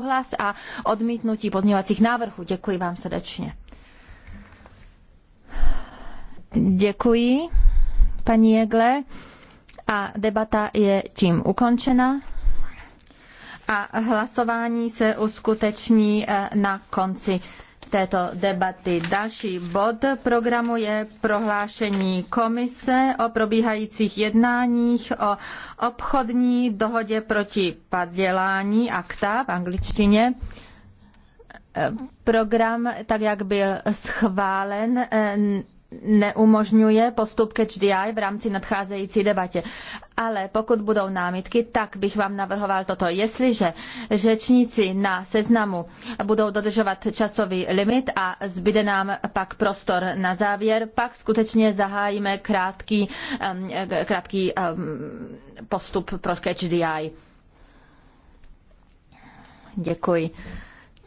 souhlas a odmítnutí podněvacích návrhů. Děkuji vám srdečně. Děkuji, paní Jegle. A debata je tím ukončena. A hlasování se uskuteční eh, na konci této debaty. Další bod programu je prohlášení komise o probíhajících jednáních o obchodní dohodě proti padělání akta v angličtině. Program, tak jak byl schválen, neumožňuje postup ke HDI v rámci nadcházející debatě. Ale pokud budou námitky, tak bych vám navrhoval toto. Jestliže řečníci na seznamu budou dodržovat časový limit a zbyde nám pak prostor na závěr, pak skutečně zahájíme krátký, krátký postup pro HDI. Děkuji.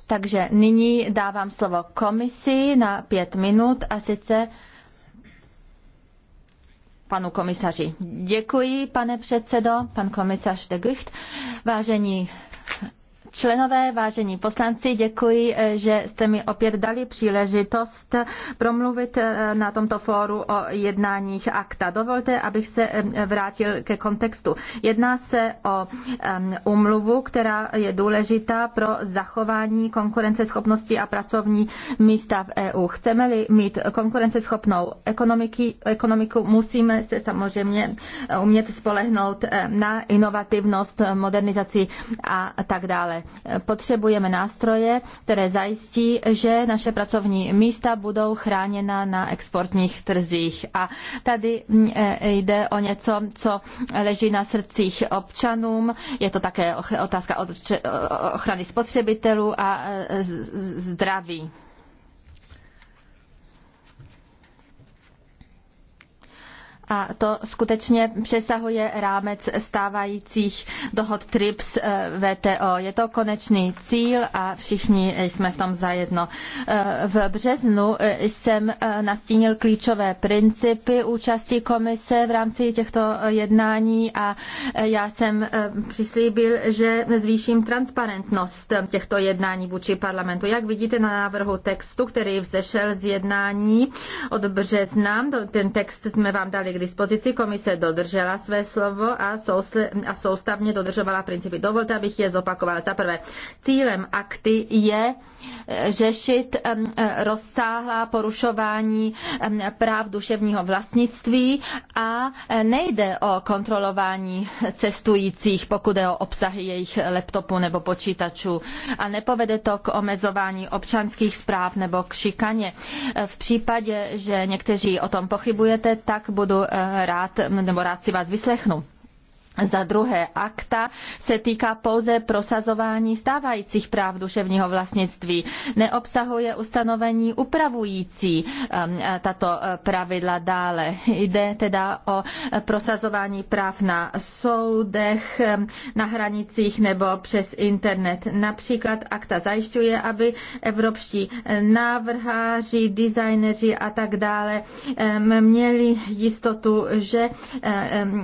Takže nyní dávám slovo komisi na pět minut a sice panu komisaři. Děkuji, pane předsedo, pan komisař de Gucht. Vážení členové, vážení poslanci, děkuji, eh, že jste mi opět dali příležitost promluvit eh, na tomto fóru o jednáních akta. Dovolte, abych se vrátil ke kontextu. Jedná se o umluvu, která je důležitá pro zachování konkurenceschopnosti a pracovní místa v EU. Chceme-li mít konkurenceschopnou ekonomiky, ekonomiku, musíme se samozřejmě umět spolehnout na inovativnost, modernizaci a tak dále potřebujeme nástroje, které zajistí, že naše pracovní místa budou chráněna na exportních trzích. A tady mm, e, jde o něco, co leží na srdcích občanům. Je to také otázka ochrany spotřebitelů a e, zdraví. A to skutečně přesahuje rámec stávajících dohod TRIPS eh, VTO. Je to konečný cíl a všichni jsme v tom zajedno. Eh, v březnu eh, jsem nastínil klíčové principy účasti komise v rámci těchto jednání a já jsem přislíbil, že zvýším transparentnost těchto jednání vůči parlamentu. Jak vidíte na návrhu textu, který vzešel z jednání od března, ten text jsme vám dali k dispozici, komise dodržela své slovo a, sousle, a soustavně dodržovala principy. Dovolte, abych je zopakovala. Za prvé, cílem akty je eh, řešit eh, rozsáhlá porušování práv duševního vlastnictví a eh, nejde o kontrolování cestujících, pokud je o obsahy jejich laptopu nebo počítačů a nepovede to k omezování občanských zpráv nebo k šikaně. V případě, že někteří o tom pochybujete, tak budu Eh, rád, nebo rád si vás vyslechnu. Za druhé, akta se týká pouze prosazování stávajících práv duševního vlastnictví. Neobsahuje ustanovení upravující um, tato eh, pravidla dále. Jde teda o eh, prosazování práv na soudech, eh, na hranicích nebo přes internet. Například akta zajišťuje, aby evropští návrháři, designéři a tak dále měli jistotu, že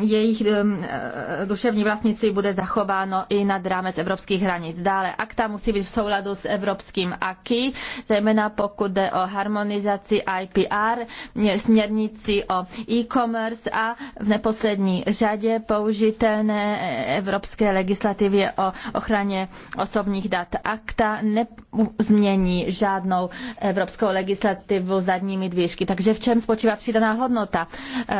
jejich Eh, duševní vlastnictví bude zachováno i nad rámec evropských hranic. Dále akta musí být v souladu s evropským AKI, zejména pokud jde o harmonizaci IPR, eh, směrnici o e-commerce a v neposlední řadě použitelné eh, evropské legislativě o ochraně osobních dat. Akta nezmění žádnou evropskou legislativu zadními dvířky. Takže v čem spočívá přidaná hodnota?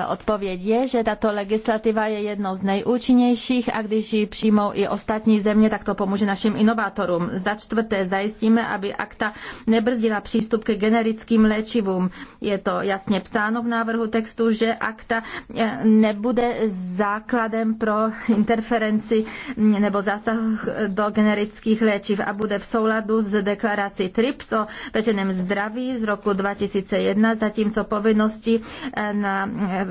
Odpověď je, že tato legislativa je jednou z nejúčinnějších účinnějších a když ji přijmou i ostatní země, tak to pomůže našim inovátorům. Za čtvrté zajistíme, aby akta nebrzdila přístup ke generickým léčivům. Je to jasně psáno v návrhu textu, že akta eh, nebude základem pro interferenci nebo zásah do generických léčiv a bude v souladu s deklarací TRIPS o veřejném zdraví z roku 2001, zatímco povinnosti eh, na eh,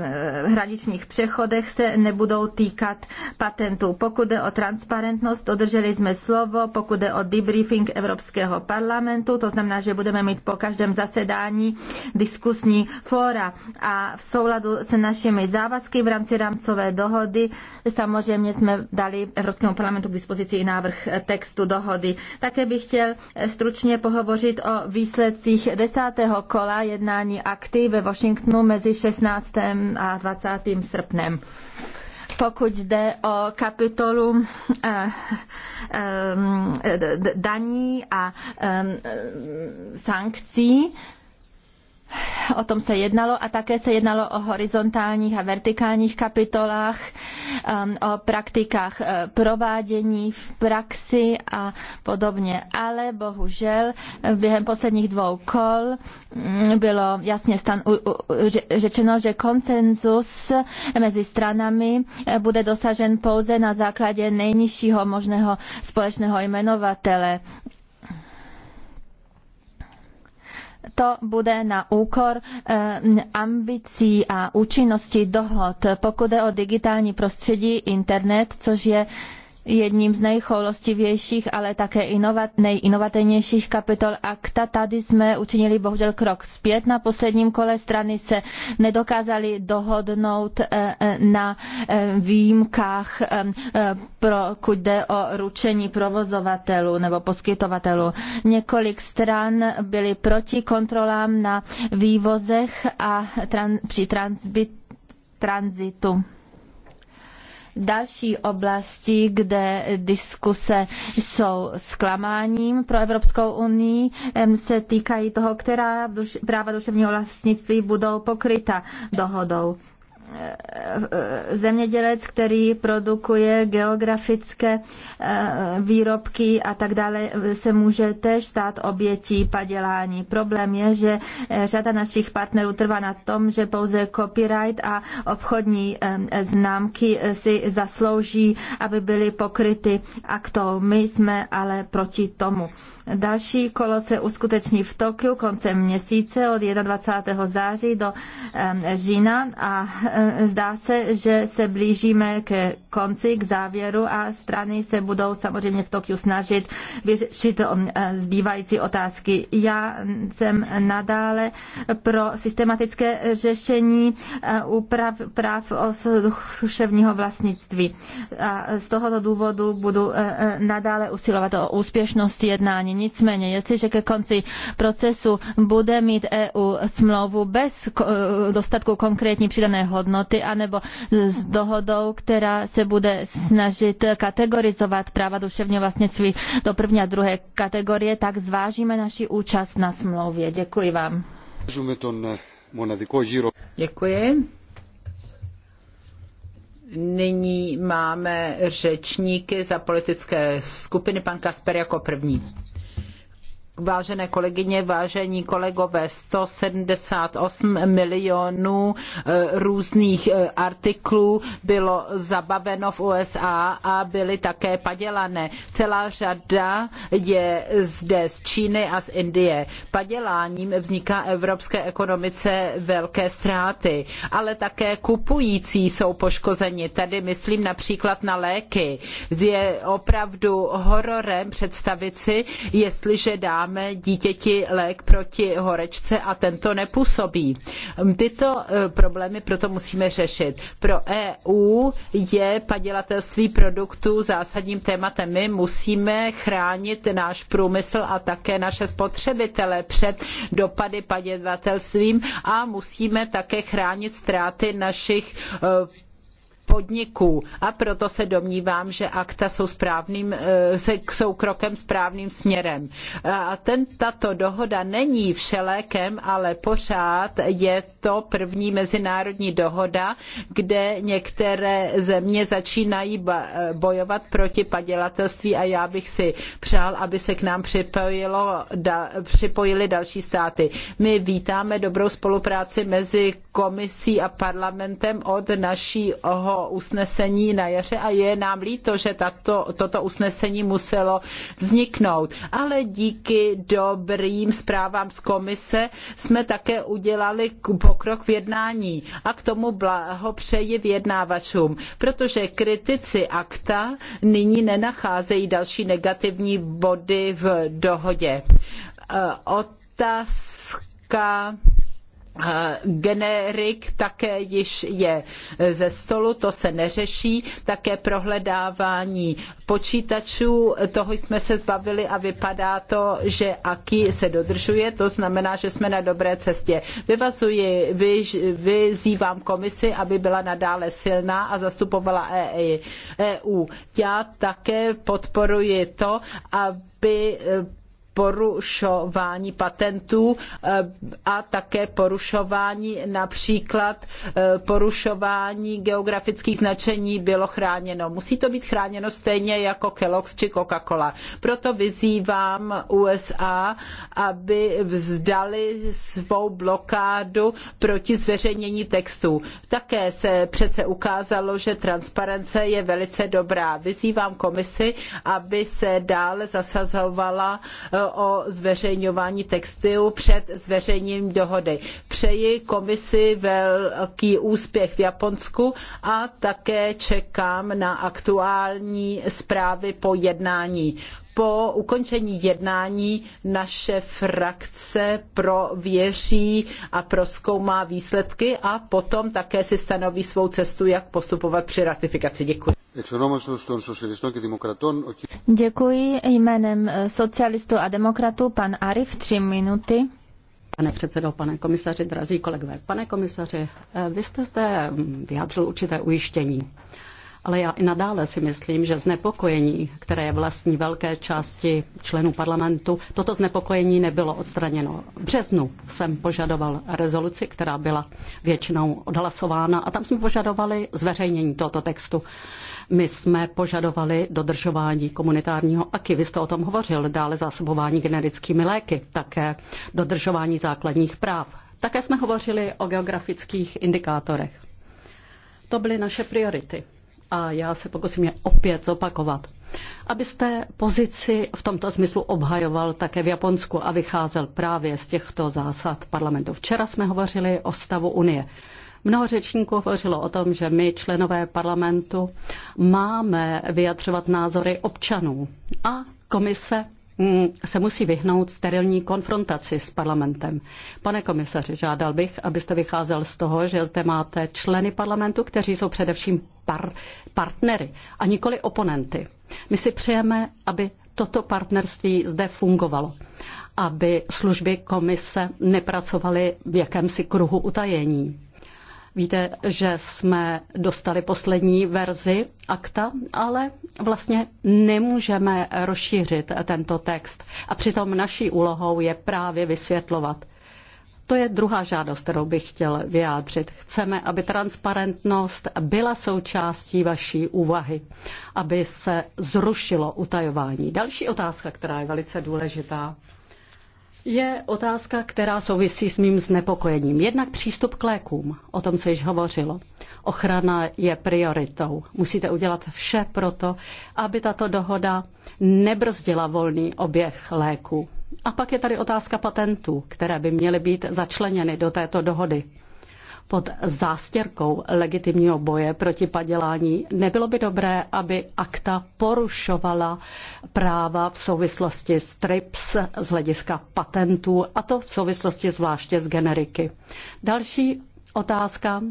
hraničních přechodech se nebudou týkat případ patentů. Pokud jde o transparentnost, dodrželi jsme slovo, pokud jde o debriefing Evropského parlamentu, to znamená, že budeme mít po každém zasedání diskusní fóra a v souladu s našimi závazky v rámci rámcové dohody samozřejmě jsme dali Evropskému parlamentu k dispozici i návrh textu dohody. Také bych chtěl stručně pohovořit o výsledcích desátého kola jednání akty ve Washingtonu mezi 16. a 20. srpnem pokud jde o kapitolu eh, eh, daní a eh, sankcí, O tom se jednalo a také se jednalo o horizontálních a vertikálních kapitolách Um, o praktikách eh, provádění v praxi a podobně. Ale bohužel eh, během posledních dvou kol mm, bylo jasně stan, řečeno, že konsenzus mezi stranami eh, bude dosažen pouze na základě nejnižšího možného společného jmenovatele to bude na úkor eh, ambicí a účinnosti dohod. Pokud je o digitální prostředí, internet, což je jedním z nejchoulostivějších, ale také inovat, nejinovativnějších kapitol akta. Tady jsme učinili bohužel krok zpět. Na posledním kole strany se nedokázali dohodnout eh, eh, na eh, výjimkách, pokud jde o ručení provozovatelů nebo poskytovatelů. Několik stran byly proti kontrolám na vývozech a tran, při transbit, tranzitu další oblasti, kde diskuse jsou zklamáním pro Evropskou unii, se týkají toho, která práva duševního vlastnictví budou pokryta dohodou. Eh, zemědělec, který produkuje geografické eh, výrobky a tak dále, se může tež stát obětí padělání. Problém je, že eh, řada našich partnerů trvá na tom, že pouze copyright a obchodní známky si zaslouží, aby byly pokryty aktou. My jsme ale proti tomu. Další kolo se uskuteční v Tokiu koncem měsíce od 21. září do října a Eh, zdá se, že se blížíme ke konci, k závěru a strany se budou samozřejmě v Tokiu snažit vyřešit eh, zbývající otázky. Já jsem nadále pro systematické řešení eh, úprav práv duševního vlastnictví. A z tohoto důvodu budu nadále usilovat o úspěšnost jednání. Nicméně, jestliže ke konci procesu bude mít EU smlouvu bez dostatku konkrétní přidané hodnoty, hodnoty, anebo s dohodou, která se bude snažit kategorizovat práva duševního vlastnictví do první a druhé kategorie, tak zvážíme naši účast na smlouvě. Děkuji vám. Děkuji. Nyní máme řečníky za politické skupiny. Pan Kasper jako první. Vážené kolegyně, vážení kolegové, 178 milionů eh, různých eh, artiklů bylo zabaveno v USA a byly také padělané. Celá řada je zde z Číny a z Indie. Paděláním vzniká evropské ekonomice velké ztráty, ale také kupující jsou poškozeni. Tady myslím například na léky. Je opravdu hororem představit si, jestliže dá dáme dítěti lék proti horečce a tento nepůsobí. Tyto e, problémy proto musíme řešit. Pro EU je padělatelství produktů zásadním tématem. My musíme chránit náš průmysl a také naše spotřebitele před dopady padělatelstvím a musíme také chránit ztráty našich e, podniků. A proto se domnívám, že akta jsou, správným, eh, jsou krokem správným směrem. Eh, a ten, tato dohoda není všelékem, ale pořád je to první mezinárodní dohoda, kde některé země začínají eh, bojovat proti padělatelství a já bych si přál, aby se k nám připojilo, da, připojili další státy. My vítáme dobrou spolupráci mezi komisí a parlamentem od našího usnesení na jaře a je nám líto, že tato, toto usnesení muselo vzniknout. Ale díky dobrým zprávám z komise jsme také udělali pokrok v jednání a k tomu blahopřeji vyjednávačům, protože kritici akta nyní nenacházejí další negativní body v dohodě. E, otázka generik také již je ze stolu, to se neřeší, také prohledávání počítačů, toho jsme se zbavili a vypadá to, že AKI se dodržuje, to znamená, že jsme na dobré cestě. Vyvazuji, vyzývám komisi, aby byla nadále silná a zastupovala EU. E Já také podporuji to, aby porušování patentů eh, a také porušování například eh, porušování geografických značení bylo chráněno. Musí to být chráněno stejně jako Kellogg's či Coca-Cola. Proto vyzývám USA, aby vzdali svou blokádu proti zveřejnění textů. Také se přece ukázalo, že transparence je velice dobrá. Vyzývám komisi, aby se dále zasazovala eh, o zveřejňování textilu před zveřejněním dohody. Přeji komisi velký úspěch v Japonsku a také čekám na aktuální zprávy po jednání po ukončení jednání naše frakce prověří a prozkoumá výsledky a potom také si stanoví svou cestu, jak postupovat při ratifikaci. Děkuji. Děkuji jménem eh, socialistů a demokratů pan Arif, tři minuty. Pane předsedo, pane komisaři, drazí kolegové, pane komisaři, eh, vy jste zde mm, vyjádřil určité ujištění ale já i nadále si myslím, že znepokojení, které je vlastní velké části členů parlamentu, toto znepokojení nebylo odstraněno. V březnu jsem požadoval rezoluci, která byla většinou odhlasována a tam jsme požadovali zveřejnění tohoto textu. My jsme požadovali dodržování komunitárního aky, vy jste o tom hovořil, dále zásobování generickými léky, také dodržování základních práv. Také jsme hovořili o geografických indikátorech. To byly naše priority a já se pokusím je opět zopakovat. Abyste pozici v tomto smyslu obhajoval také v Japonsku a vycházel právě z těchto zásad parlamentu. Včera jsme hovořili o stavu Unie. Mnoho řečníků hovořilo o tom, že my, členové parlamentu, máme vyjadřovat názory občanů a komise mm, se musí vyhnout sterilní konfrontaci s parlamentem. Pane komisaři, žádal bych, abyste vycházel z toho, že zde máte členy parlamentu, kteří jsou především par- partnery a nikoli oponenty. My si přejeme, aby toto partnerství zde fungovalo aby služby komise nepracovaly v jakémsi kruhu utajení. Víte, že jsme dostali poslední verzi akta, ale vlastně nemůžeme rozšířit tento text. A přitom naší úlohou je právě vysvětlovat. To je druhá žádost, kterou bych chtěl vyjádřit. Chceme, aby transparentnost byla součástí vaší úvahy, aby se zrušilo utajování. Další otázka, která je velice důležitá, je otázka, která souvisí s mým znepokojením. Jednak přístup k lékům, o tom se již hovořilo. Ochrana je prioritou. Musíte udělat vše proto, aby tato dohoda nebrzdila volný oběh léků. A pak je tady otázka patentů, které by měly být začleněny do této dohody. Pod zástěrkou legitimního boje proti padělání nebylo by dobré, aby akta porušovala práva v souvislosti s TRIPS z hlediska patentů, a to v souvislosti zvláště s generiky. Další otázka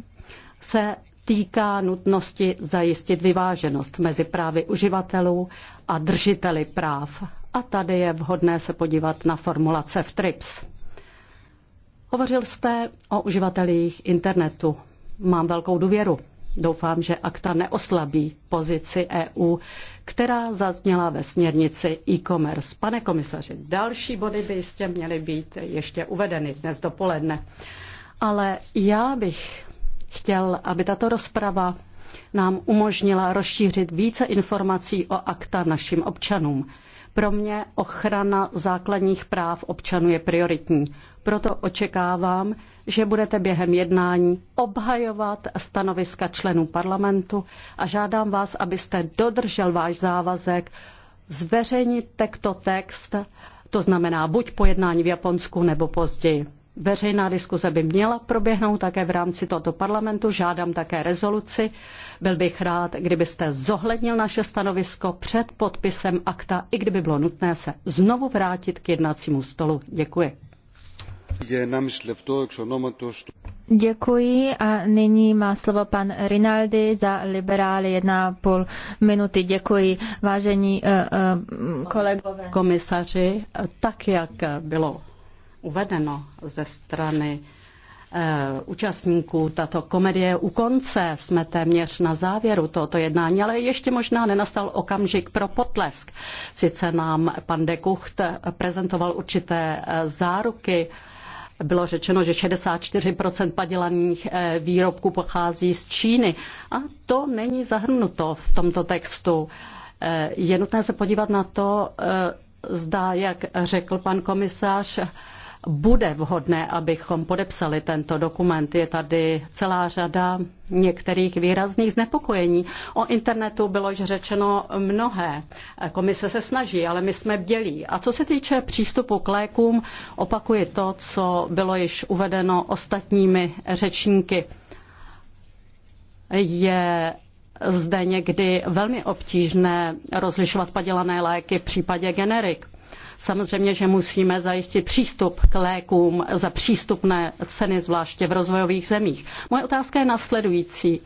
se týká nutnosti zajistit vyváženost mezi právy uživatelů a držiteli práv a tady je vhodné se podívat na formulace v TRIPS. Hovořil jste o uživatelích internetu. Mám velkou důvěru. Doufám, že akta neoslabí pozici EU, která zazněla ve směrnici e-commerce. Pane komisaři, další body by jistě měly být ještě uvedeny dnes dopoledne. Ale já bych chtěl, aby tato rozprava nám umožnila rozšířit více informací o akta našim občanům. Pro mě ochrana základních práv občanů je prioritní. Proto očekávám, že budete během jednání obhajovat stanoviska členů parlamentu a žádám vás, abyste dodržel váš závazek zveřejnit tento text, to znamená buď po jednání v Japonsku nebo později. Veřejná diskuze by měla proběhnout také v rámci tohoto parlamentu. Žádám také rezoluci. Byl bych rád, kdybyste zohlednil naše stanovisko před podpisem akta, i kdyby bylo nutné se znovu vrátit k jednacímu stolu. Děkuji. Děkuji a nyní má slovo pan Rinaldi za liberály 1,5 minuty. Děkuji, vážení uh, uh, kolegové. Komisaři, tak jak bylo uvedeno ze strany eh, účastníků. Tato komedie u konce, jsme téměř na závěru tohoto jednání, ale ještě možná nenastal okamžik pro potlesk. Sice nám pan de Kucht prezentoval určité eh, záruky, bylo řečeno, že 64% padělaných eh, výrobků pochází z Číny a to není zahrnuto v tomto textu. Je nutné se podívat na to, zdá, jak řekl pan komisář, bude vhodné, abychom podepsali tento dokument. Je tady celá řada některých výrazných znepokojení. O internetu bylo již řečeno mnohé. Komise se snaží, ale my jsme bdělí. A co se týče přístupu k lékům, opakuji to, co bylo již uvedeno ostatními řečníky. Je zde někdy velmi obtížné rozlišovat padělané léky v případě generik. Samozřejmě, že musíme zajistit přístup k lékům za přístupné ceny, zvláště v rozvojových zemích. Moje otázka je následující.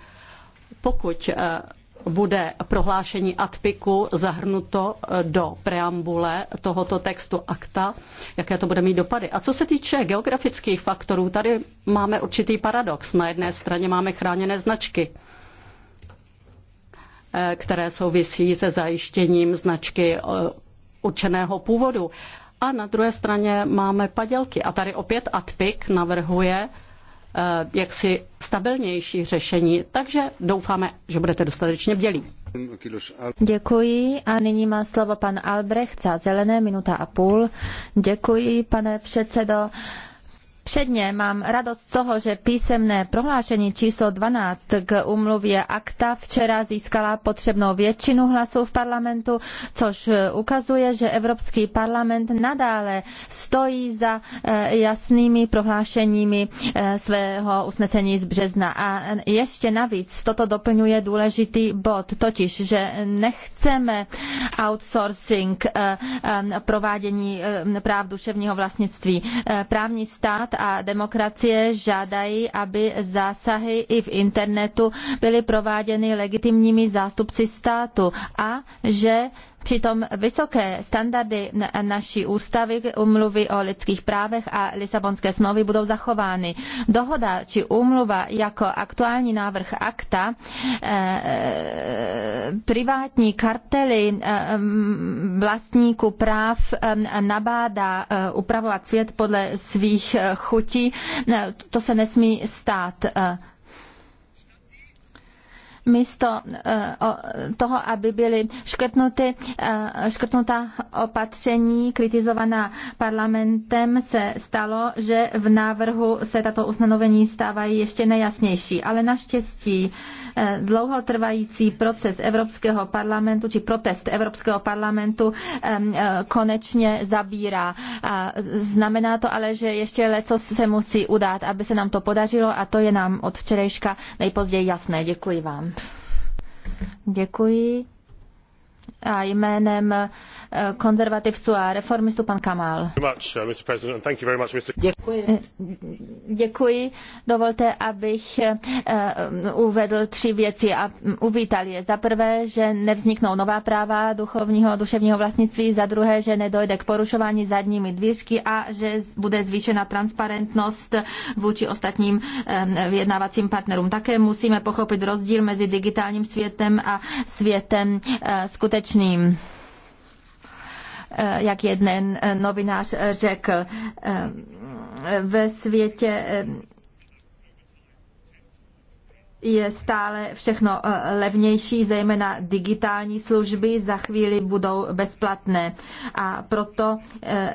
Pokud eh, bude prohlášení ATPIKu zahrnuto eh, do preambule tohoto textu akta, jaké to bude mít dopady. A co se týče geografických faktorů, tady máme určitý paradox. Na jedné straně máme chráněné značky, eh, které souvisí se zajištěním značky určeného původu. A na druhé straně máme padělky. A tady opět ATPIK navrhuje eh, jaksi stabilnější řešení, takže doufáme, že budete dostatečně bdělí. Děkuji a nyní má slovo pan Albrecht za zelené minuta a půl. Děkuji, pane předsedo. Předně mám radost z toho, že písemné prohlášení číslo 12 k umluvě akta včera získala potřebnou většinu hlasů v parlamentu, což ukazuje, že Evropský parlament nadále stojí za eh, jasnými prohlášeními eh, svého usnesení z března. A ještě navíc toto doplňuje důležitý bod, totiž, že nechceme outsourcing eh, provádění práv duševního vlastnictví. Právní stát a demokracie žádají, aby zásahy i v internetu byly prováděny legitimními zástupci státu a že Přitom vysoké standardy naší ústavy, umluvy o lidských právech a Lisabonské smlouvy budou zachovány. Dohoda či úmluva jako aktuální návrh akta eh, privátní kartely eh, mm, vlastníků práv eh, nabádá upravovat svět podle svých chutí. To se nesmí stát místo eh, toho, aby byly škrtnuty, eh, škrtnutá opatření kritizovaná parlamentem, se stalo, že v návrhu se tato ustanovení stávají ještě nejasnější. Ale naštěstí Eh, dlouhotrvající proces Evropského parlamentu či protest Evropského parlamentu eh, konečně zabírá. Znamená to ale, že ještě leco se musí udát, aby se nám to podařilo a to je nám od včerejška nejpozději jasné. Děkuji vám. Děkuji a jménem eh, konzervativců a reformistů pan Kamal. Uh, děkuji. Eh, děkuji. Dovolte, abych eh, uvedl tři věci a mm, uvítal je. Za prvé, že nevzniknou nová práva duchovního a duševního vlastnictví, za druhé, že nedojde k porušování zadními dvířky a že bude zvýšena transparentnost vůči ostatním ehm, vyjednávacím partnerům. Také musíme pochopit rozdíl mezi digitálním světem a světem skutečným stručným. Eh, jak jeden eh, novinář řekl, eh, ve světě je stále všechno eh, levnější, zejména digitální služby za chvíli budou bezplatné. A proto eh,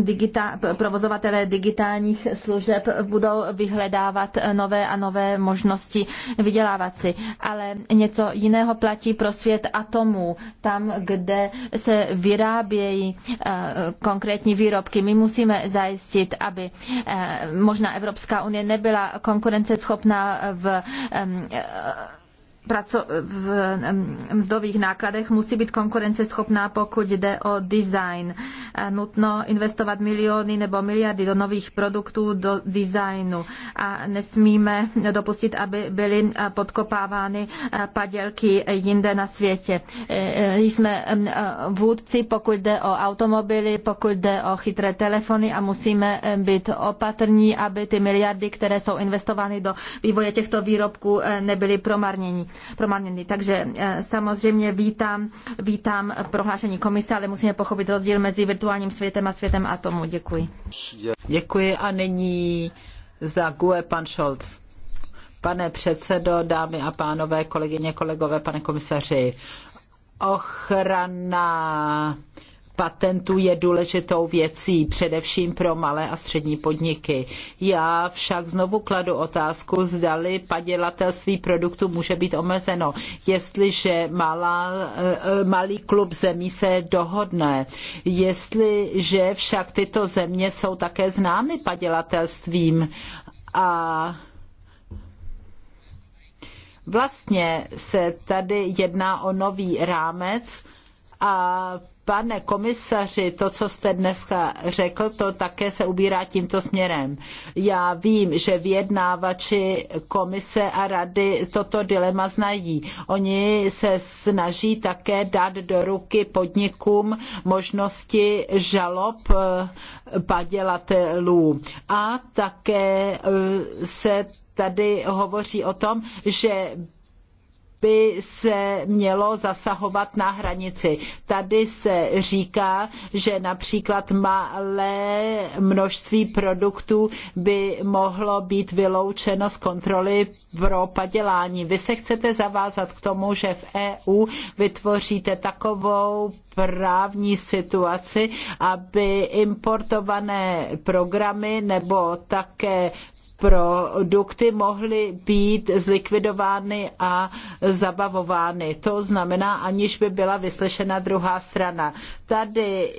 digita, provozovatelé digitálních služeb budou vyhledávat nové a nové možnosti vydělávat si. Ale něco jiného platí pro svět atomů, tam, kde se vyrábějí eh, konkrétní výrobky. My musíme zajistit, aby možná Evropská unie nebyla konkurenceschopná v v praco- v mzdových nákladech musí být konkurenceschopná, pokud jde o design. Nutno investovat miliony nebo miliardy do nových produktů, do designu a nesmíme dopustit, aby byly podkopávány e, padělky jinde na světě. E, e, jsme vůdci, pokud jde o automobily, pokud jde o chytré telefony a musíme být opatrní, aby ty miliardy, které jsou investovány do vývoje těchto výrobků, nebyly promarnění promarněny. Takže eh, samozřejmě vítám, vítám prohlášení komise, ale musíme pochopit rozdíl mezi virtuálním světem a světem a tomu. Děkuji. Děkuji a nyní za GUE pan Scholz. Pane předsedo, dámy a pánové, kolegyně, kolegové, pane komisaři, ochrana patentů je důležitou věcí, především pro malé a střední podniky. Já však znovu kladu otázku, zdali padělatelství produktů může být omezeno, jestliže malá, eh, malý klub zemí se dohodne, jestliže však tyto země jsou také známy padělatelstvím a vlastně se tady jedná o nový rámec a Pane komisaři, to, co jste dneska řekl, to také se ubírá tímto směrem. Já vím, že vyjednávači komise a rady toto dilema znají. Oni se snaží také dát do ruky podnikům možnosti žalob eh, padělatelů. A také eh, se tady hovoří o tom, že by se mělo zasahovat na hranici. Tady se říká, že například malé množství produktů by mohlo být vyloučeno z kontroly pro padělání. Vy se chcete zavázat k tomu, že v EU vytvoříte takovou právní situaci, aby importované programy nebo také produkty mohly být zlikvidovány a zabavovány. To znamená, aniž by byla vyslyšena druhá strana. Tady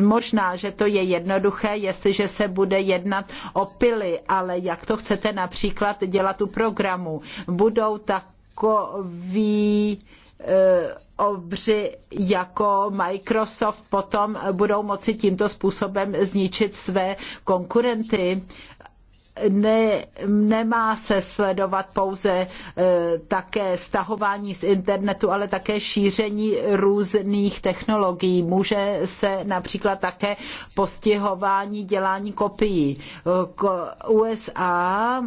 možná, že to je jednoduché, jestliže se bude jednat o pily, ale jak to chcete například dělat u programu? Budou takový e, obři jako Microsoft potom budou moci tímto způsobem zničit své konkurenty ne, nemá se sledovat pouze e, také stahování z internetu, ale také šíření různých technologií. Může se například také postihování dělání kopií. USA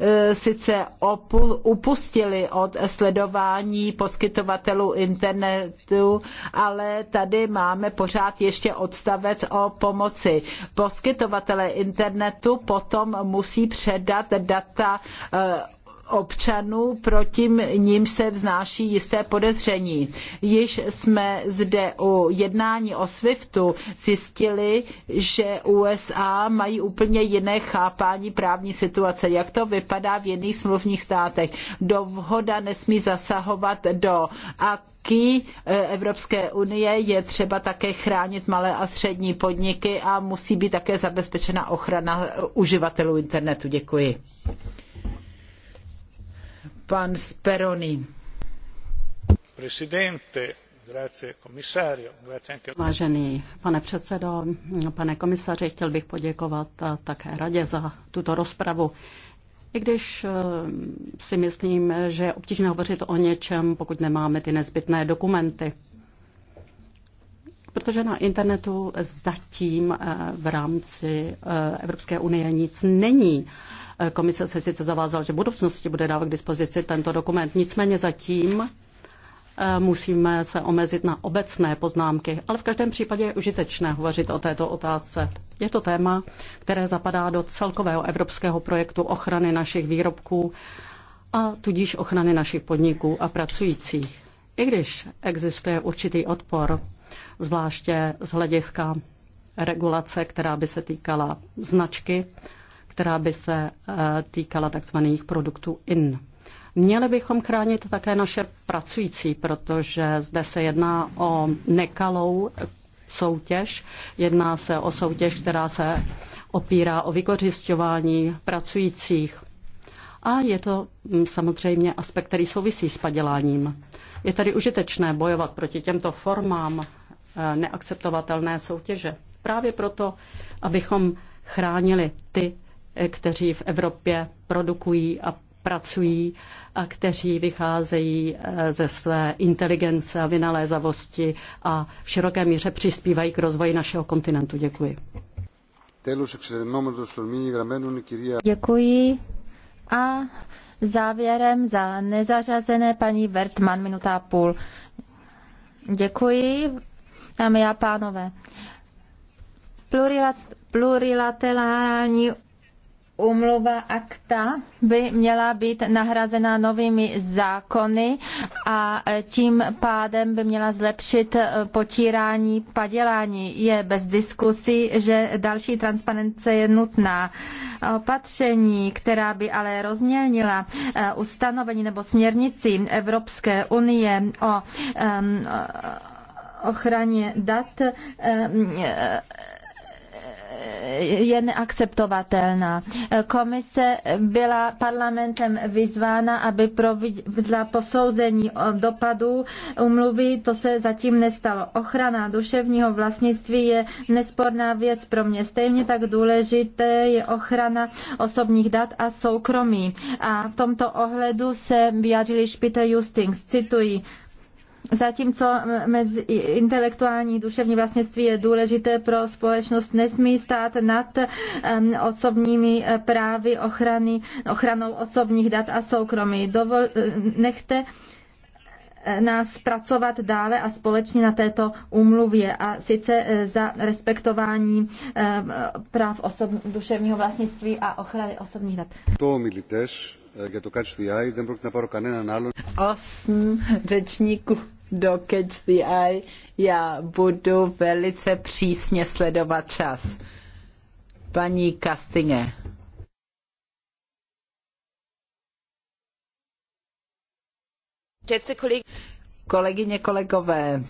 e, eh, sice opu, upustili od sledování poskytovatelů internetu, ale tady máme pořád ještě odstavec o pomoci. Poskytovatele internetu potom musí musí předat data eh, občanů, proti ním se vznáší jisté podezření. Již jsme zde u jednání o SWIFTu zjistili, že USA mají úplně jiné chápání právní situace. Jak to vypadá v jiných smluvních státech? Dohoda nesmí zasahovat do aký eh, Evropské unie je třeba také chránit malé a střední podniky a musí být také zabezpečena ochrana uživatelů internetu. Děkuji pan Speroni. Vážený pane předsedo, pane komisaři, chtěl bych poděkovat také radě za tuto rozpravu. I když eh, si myslím, že je obtížné hovořit o něčem, pokud nemáme ty nezbytné dokumenty. Protože na internetu zatím eh, v rámci eh, Evropské unie nic není. Komise se sice zavázala, že v budoucnosti bude dávat k dispozici tento dokument, nicméně zatím eh, musíme se omezit na obecné poznámky, ale v každém případě je užitečné hovořit o této otázce. Je to téma, které zapadá do celkového evropského projektu ochrany našich výrobků a tudíž ochrany našich podniků a pracujících. I když existuje určitý odpor, zvláště z hlediska regulace, která by se týkala značky která by se eh, týkala tzv. produktů IN. Měli bychom chránit také naše pracující, protože zde se jedná o nekalou soutěž. Jedná se o soutěž, která se opírá o vykořišťování pracujících. A je to mm, samozřejmě aspekt, který souvisí s paděláním. Je tady užitečné bojovat proti těmto formám eh, neakceptovatelné soutěže. Právě proto, abychom chránili ty, kteří v Evropě produkují a pracují a kteří vycházejí eh, ze své inteligence a vynalézavosti a v široké míře přispívají k rozvoji našeho kontinentu. Děkuji. Děkuji. A závěrem za nezařazené paní Vertman minuta a půl. Děkuji, dámy a pánové. Plurilat, plurilaterální umluva akta by měla být nahrazena novými zákony a tím pádem by měla zlepšit potírání padělání. Je bez diskusí, že další transparence je nutná. Opatření, která by ale rozmělnila eh, ustanovení nebo směrnici Evropské unie o ochraně dat, je neakceptovatelná. Komise byla parlamentem vyzvána, aby provedla posouzení dopadů umluvy, to se zatím nestalo. Ochrana duševního vlastnictví je nesporná věc pro mě. Stejně tak důležité je ochrana osobních dat a soukromí. A v tomto ohledu se vyjádřili Špite Justings. Cituji, Zatímco mezi intelektuální duševní vlastnictví je důležité pro společnost, nesmí stát nad osobními eh, právy ochrany, ochranou osobních dat a soukromí. Dovol, eh, nechte eh, nás pracovat dále a společně na této úmluvě a sice za respektování práv osob, duševního vlastnictví a ochrany osobních dat. To militeš, για το Catch the Eye, δεν πρόκειται να πάρω Osm řečníků do Catch the Eye. Já budu velice přísně sledovat čas. Paní Kastinge. Kolegyně, kolegové,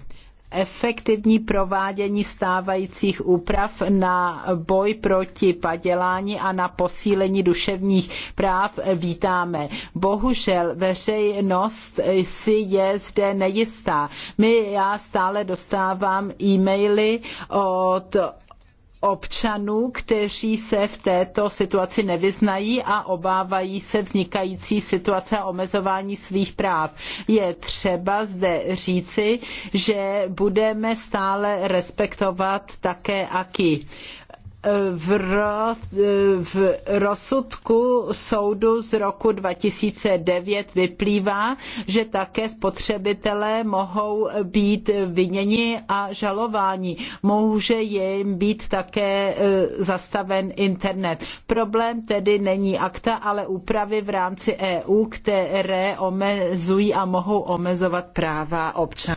efektivní provádění stávajících úprav na boj proti padělání a na posílení duševních práv vítáme. Bohužel veřejnost si je zde nejistá. My já stále dostávám e-maily od občanů, kteří se v této situaci nevyznají a obávají se vznikající situace a omezování svých práv. Je třeba zde říci, že budeme stále respektovat také AKI v, v rozsudku soudu z roku 2009 vyplývá, že také spotřebitelé mohou být viněni a žalováni. Může jim být také e, zastaven internet. Problém tedy není akta, ale úpravy v rámci EU, které omezují a mohou omezovat práva občanů.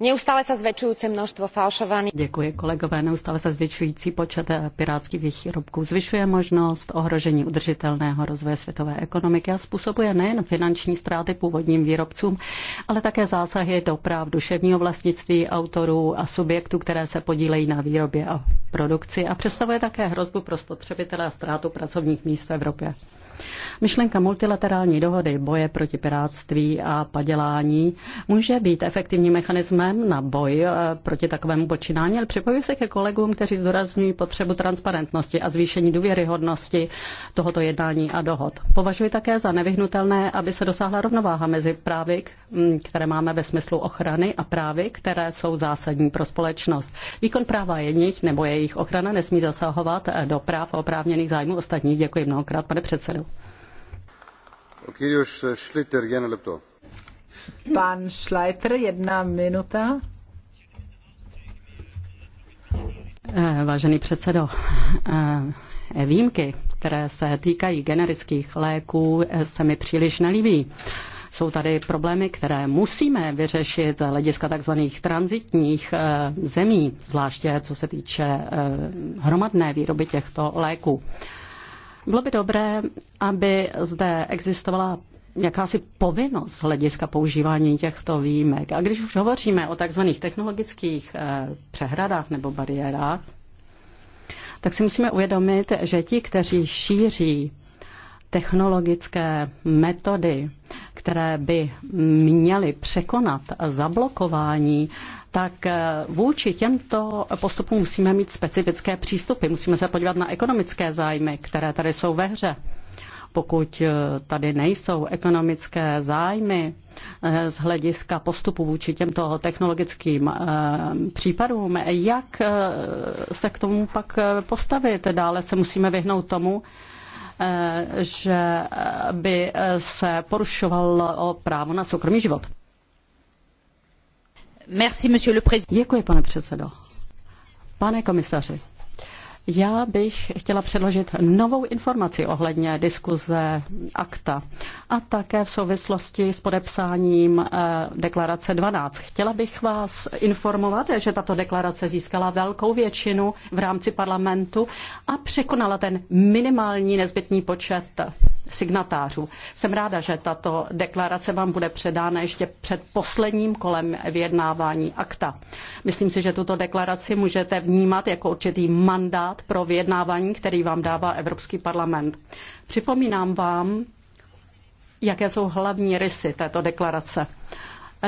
Neustále se zväčšujúce množstvo falšovaných. Děkuji kolegové, neustále se zvětšující počet eh, pirátských výrobkov zvyšuje možnost ohrožení udržitelného rozvoje světové ekonomiky a způsobuje nejen finanční stráty původním výrobcům, ale také zásahy do práv duševního vlastnictví autorů a subjektů, které se podílejí na výrobě a produkci a představuje také hrozbu pro spotřebitele a ztrátu pracovních míst v Evropě. Myšlenka multilaterální dohody boje proti piráctví a padělání může být efektivním mechanismem, systém na boj eh, proti takovému počínání, ale připojuji se ke kolegům, kteří zdorazňují potřebu transparentnosti a zvýšení důvěryhodnosti tohoto jednání a dohod. Považuji také za nevyhnutelné, aby se dosáhla rovnováha mezi právy, mm, které máme ve smyslu ochrany a právy, které jsou zásadní pro společnost. Výkon práva jedních nebo jejich ochrana nesmí zasahovat eh, do práv a oprávněných zájmů ostatních. Děkuji mnohokrát, pane předsedu. Schlitter, jen lepto. Pan Schleiter, jedna minuta. Eh, vážený předsedo, eh, výjimky, které se týkají generických léků, eh, se mi příliš nelíbí. Jsou tady problémy, které musíme vyřešit z hlediska tzv. transitních zemí, zvláště co se týče hromadné výroby těchto léků. Bylo by dobré, aby zde existovala jakási povinnost hlediska používání těchto výjimek. A když už hovoříme o takzvaných technologických eh, přehradách nebo bariérách, tak si musíme uvědomit, že ti, kteří šíří technologické metody, které by měly překonat zablokování, tak eh, vůči těmto postupům musíme mít specifické přístupy. Musíme se podívat na ekonomické zájmy, které tady jsou ve hře. Pokud eh, tady nejsou ekonomické zájmy eh, z hlediska postupu vůči těmto technologickým eh, případům, jak se k tomu pak postavit? Dále se musíme vyhnout tomu, že by se porušovalo právo na soukromý život. Merci, Děkuji, pane předsedo. Pane komisaři, já bych chtěla předložit novou informaci ohledně diskuze akta a také v souvislosti s podepsáním eh, deklarace 12. Chtěla bych vás informovat, že tato deklarace získala velkou většinu v rámci parlamentu a překonala ten minimální nezbytný počet signatářů. Jsem ráda, že tato deklarace vám bude předána ještě před posledním kolem vyjednávání akta. Myslím si, že tuto deklaraci můžete vnímat jako určitý mandát pro vyjednávání, který vám dává Evropský parlament. Připomínám vám, jaké jsou hlavní rysy této deklarace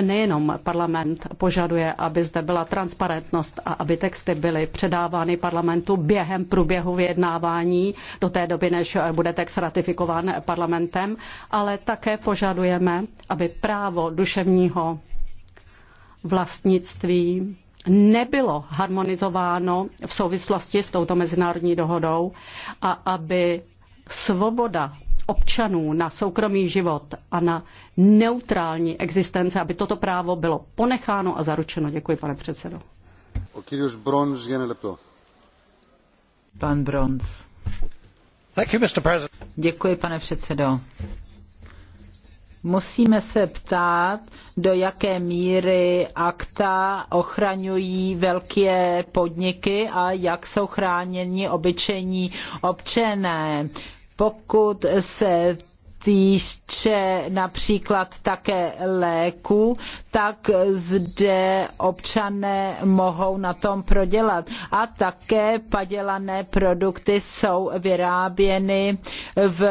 nejenom parlament požaduje, aby zde byla transparentnost a aby texty byly předávány parlamentu během průběhu vyjednávání do té doby, než bude text ratifikován parlamentem, ale také požadujeme, aby právo duševního vlastnictví nebylo harmonizováno v souvislosti s touto mezinárodní dohodou a aby svoboda občanů na soukromý život a na neutrální existence, aby toto právo bylo ponecháno a zaručeno. Děkuji, pane předsedo. Pan Bronz. Děkuji, pane předsedo. Musíme se ptát, do jaké míry akta ochraňují velké podniky a jak jsou chráněni obyčejní občané pokud se týče například také léku, tak zde občané mohou na tom prodělat. A také padělané produkty jsou vyráběny v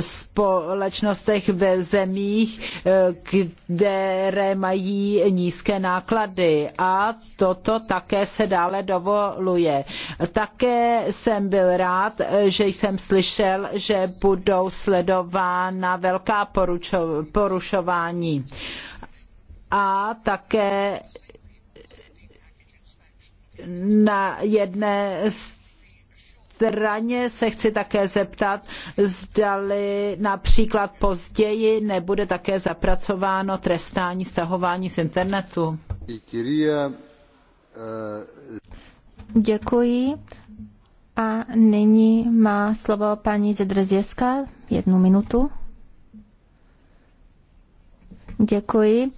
společnostech ve zemích, které mají nízké náklady. A toto také se dále dovoluje. Také jsem byl rád, že jsem slyšel, že budou sledovány na velká porušování. A také na jedné straně se chci také zeptat, zdali například později nebude také zapracováno trestání stahování z internetu. Děkuji. A nyní má slovo paní Zedrzieska, jednu minutu. Děkuji.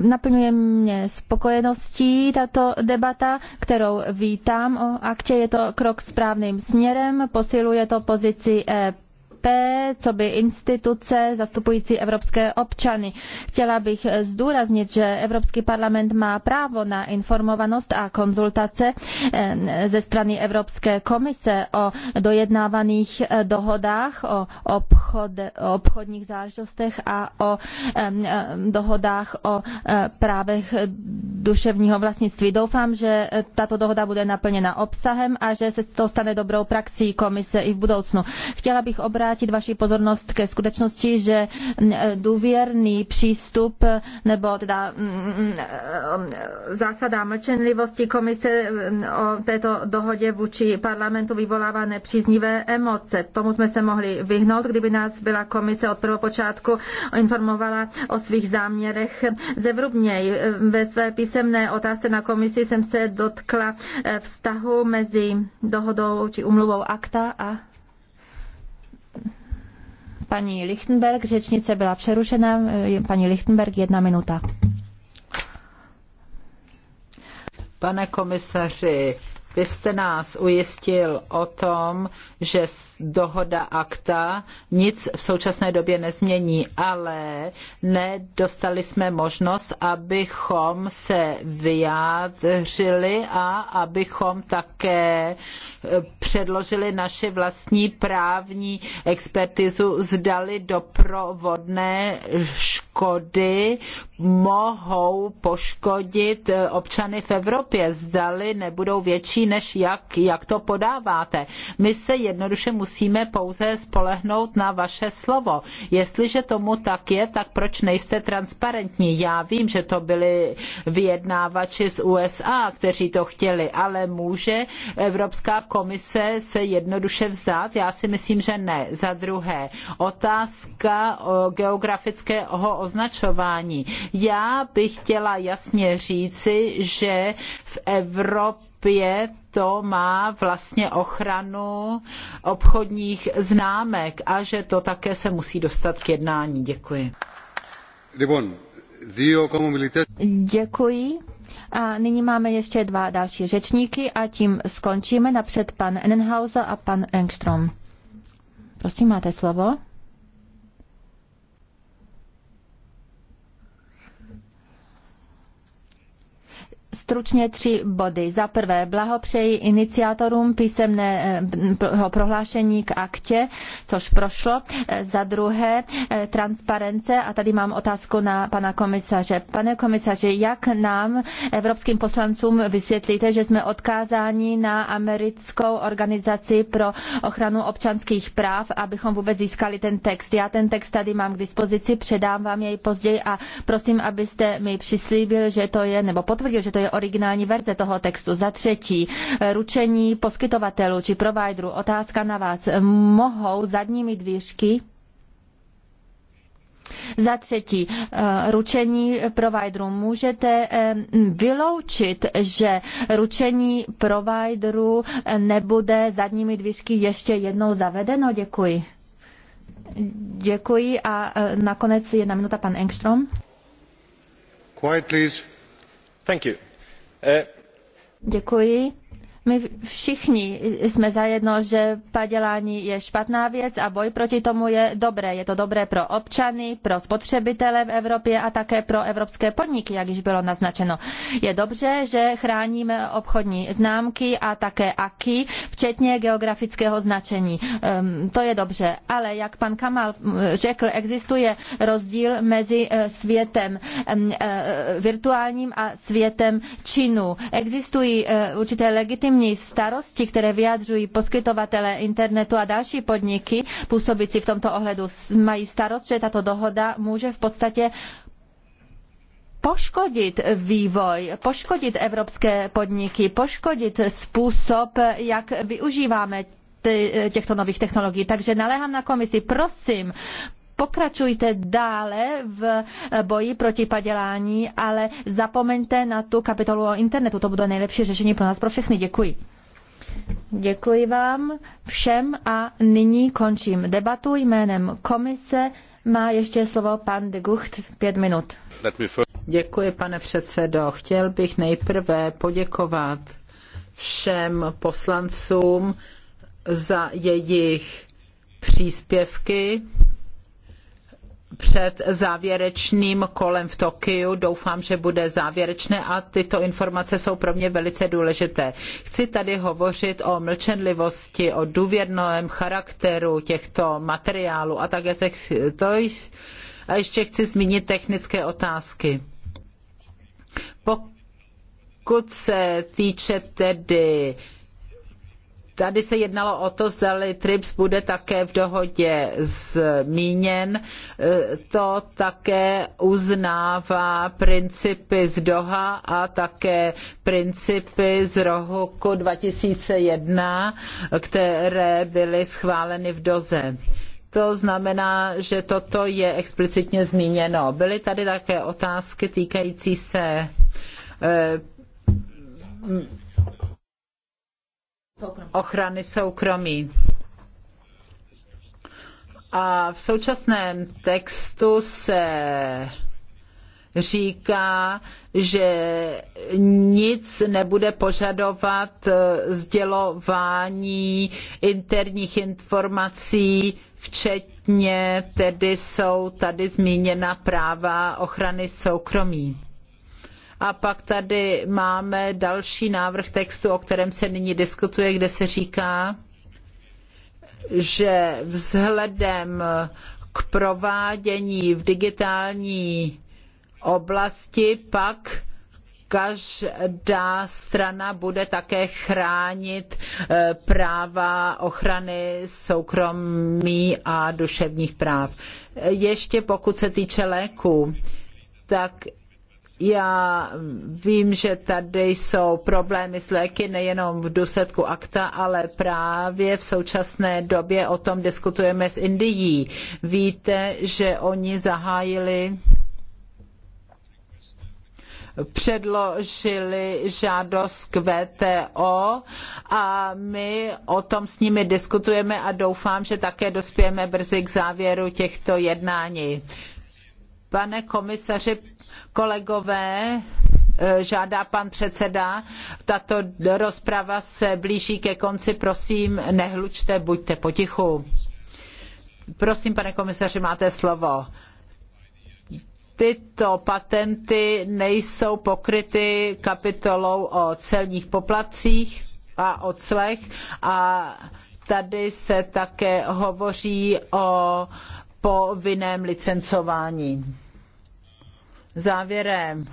Naplňuje mě spokojeností tato debata, kterou vítám o aktě. Je to krok správným směrem, posiluje to pozici EP EPP, co by instituce zastupující evropské občany. Chtěla bych zdůraznit, že Evropský parlament má právo na informovanost a konzultace eh, ze strany Evropské komise o dojednávaných eh, dohodách, o obchod, o obchodních záležitostech a o dohodách o eh, právech duševního vlastnictví. Doufám, že tato dohoda bude naplněna obsahem a že se to stane dobrou praxí komise i v budoucnu. Chtěla bych obrátit obrátit vaši pozornost ke skutečnosti, že mm, e, důvěrný přístup e, nebo teda mm, mm, e, zásada mlčenlivosti komise o této dohodě vůči parlamentu vyvolává nepříznivé emoce. Tomu jsme se mohli vyhnout, kdyby nás byla komise od prvopočátku informovala o svých záměrech zevrubněji. Ve své písemné otázce na komisi jsem se dotkla vztahu mezi dohodou či umluvou akta a paní Lichtenberg. Řečnice byla přerušena. Paní Lichtenberg, jedna minuta. Pane komisaři, vy jste nás ujistil o tom, že dohoda akta nic v současné době nezmění, ale nedostali jsme možnost, abychom se vyjádřili a abychom také eh, předložili naši vlastní právní expertizu, zdali doprovodné škody škody mohou poškodit eh, občany v Evropě. Zdali nebudou větší, než jak, jak to podáváte. My se jednoduše musíme pouze spolehnout na vaše slovo. Jestliže tomu tak je, tak proč nejste transparentní? Já vím, že to byli vyjednávači z USA, kteří to chtěli, ale může Evropská komise se jednoduše vzdát? Já si myslím, že ne. Za druhé, otázka eh, geografického označování. Já bych chtěla jasně říci, že v Evropě to má vlastně ochranu obchodních známek a že to také se musí dostat k jednání. Děkuji. Děkuji. A nyní máme ještě dva další řečníky a tím skončíme. Napřed pan Enenhauser a pan Engström. Prosím, máte slovo. stručně tři body. Za prvé, blahopřeji iniciátorům písemného eh, prohlášení k aktě, což prošlo. Eh, za druhé, eh, transparence a tady mám otázku na pana komisaře. Pane komisaři, jak nám, evropským poslancům, vysvětlíte, že jsme odkázáni na americkou organizaci pro ochranu občanských práv, abychom vůbec získali ten text. Já ten text tady mám k dispozici, předám vám jej později a prosím, abyste mi přislíbil, že to je, nebo potvrdil, že to je originální verze toho textu. Za třetí, eh, ručení poskytovatelů či providerů. Otázka na vás. Mohou zadními dvířky za třetí, eh, ručení providerů. Můžete eh, vyloučit, že ručení providerů nebude zadními dvířky ještě jednou zavedeno? Děkuji. Děkuji a nakonec jedna minuta pan Engström. Quiet, please. Thank you. Eh, Děkuji. My všichni jsme zajedno, že padělání je špatná věc a boj proti tomu je dobré. Je to dobré pro občany, pro spotřebitele v Evropě a také pro evropské podniky, jak již bylo naznačeno. Je dobře, že chráníme obchodní známky a také aky, včetně geografického značení. Ehm, to je dobře, ale jak pan Kamal řekl, existuje rozdíl mezi e, světem e, virtuálním a světem činů. Existují e, určité legitimní legitimní starosti, které vyjadřují poskytovatele internetu a další podniky působící v tomto ohledu, mají starost, že tato dohoda může v podstatě poškodit vývoj, poškodit evropské podniky, poškodit způsob, jak využíváme těchto nových technologií. Takže naléhám na komisi, prosím, pokračujte dále v boji proti padělání, ale zapomeňte na tu kapitolu o internetu. To bude nejlepší řešení pro nás, pro všechny. Děkuji. Děkuji vám všem a nyní končím debatu jménem komise. Má ještě slovo pan de Gucht, pět minut. Děkuji, pane předsedo. Chtěl bych nejprve poděkovat všem poslancům za jejich příspěvky před závěrečným kolem v Tokiu. Doufám, že bude závěrečné a tyto informace jsou pro mě velice důležité. Chci tady hovořit o mlčenlivosti, o důvěrném charakteru těchto materiálů a také se chci, to a ještě chci zmínit technické otázky. Pokud se týče tedy Tady se jednalo o to, zdali TRIPS bude také v dohodě zmíněn. E, to také uznává principy z Doha a také principy z roku 2001, které byly schváleny v Doze. To znamená, že toto je explicitně zmíněno. Byly tady také otázky týkající se e, ochrany soukromí. A v současném textu se říká, že nic nebude požadovat sdělování interních informací, včetně tedy jsou tady zmíněna práva ochrany soukromí. A pak tady máme další návrh textu, o kterém se nyní diskutuje, kde se říká, že vzhledem k provádění v digitální oblasti pak každá strana bude také chránit eh, práva ochrany soukromí a duševních práv. Ještě pokud se týče léků, tak já vím, že tady jsou problémy s léky nejenom v důsledku akta, ale právě v současné době o tom diskutujeme s Indií. Víte, že oni zahájili předložili žádost k VTO a my o tom s nimi diskutujeme a doufám, že také dospějeme brzy k závěru těchto jednání. Pane komisaři, kolegové, e, žádá pan předseda. Tato rozprava se blíží ke konci. Prosím, nehlučte, buďte potichu. Prosím, pane komisaři, máte slovo tyto patenty nejsou pokryty kapitolou o celních poplatcích a o clech a tady se také hovoří o povinném licencování. Závěrem,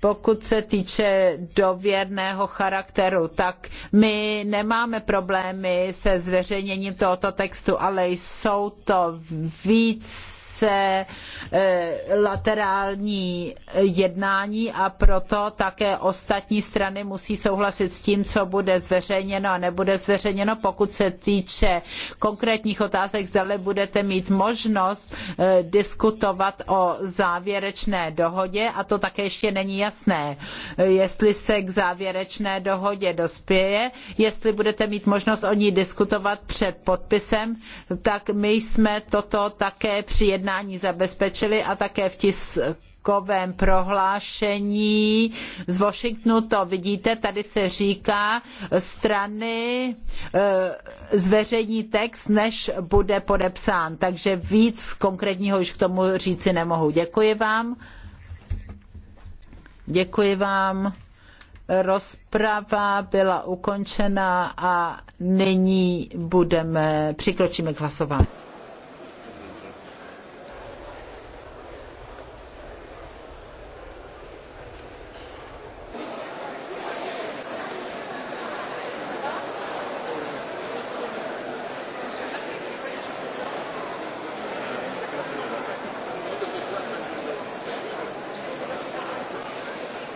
pokud se týče dověrného charakteru, tak my nemáme problémy se zveřejněním tohoto textu, ale jsou to víc se eh, laterální jednání a proto také ostatní strany musí souhlasit s tím, co bude zveřejněno a nebude zveřejněno. Pokud se týče konkrétních otázek, zdali budete mít možnost eh, diskutovat o závěrečné dohodě a to také ještě není jasné, eh, jestli se k závěrečné dohodě dospěje, jestli budete mít možnost o ní diskutovat před podpisem, tak my jsme toto také při jednání zabezpečili a také v tiskovém prohlášení z Washingtonu to vidíte, tady se říká, strany eh, zveřejní text, než bude podepsán. Takže víc konkrétního už k tomu říci nemohu. Děkuji vám. Děkuji vám. Rozprava byla ukončena a nyní budeme, přikročíme k hlasování.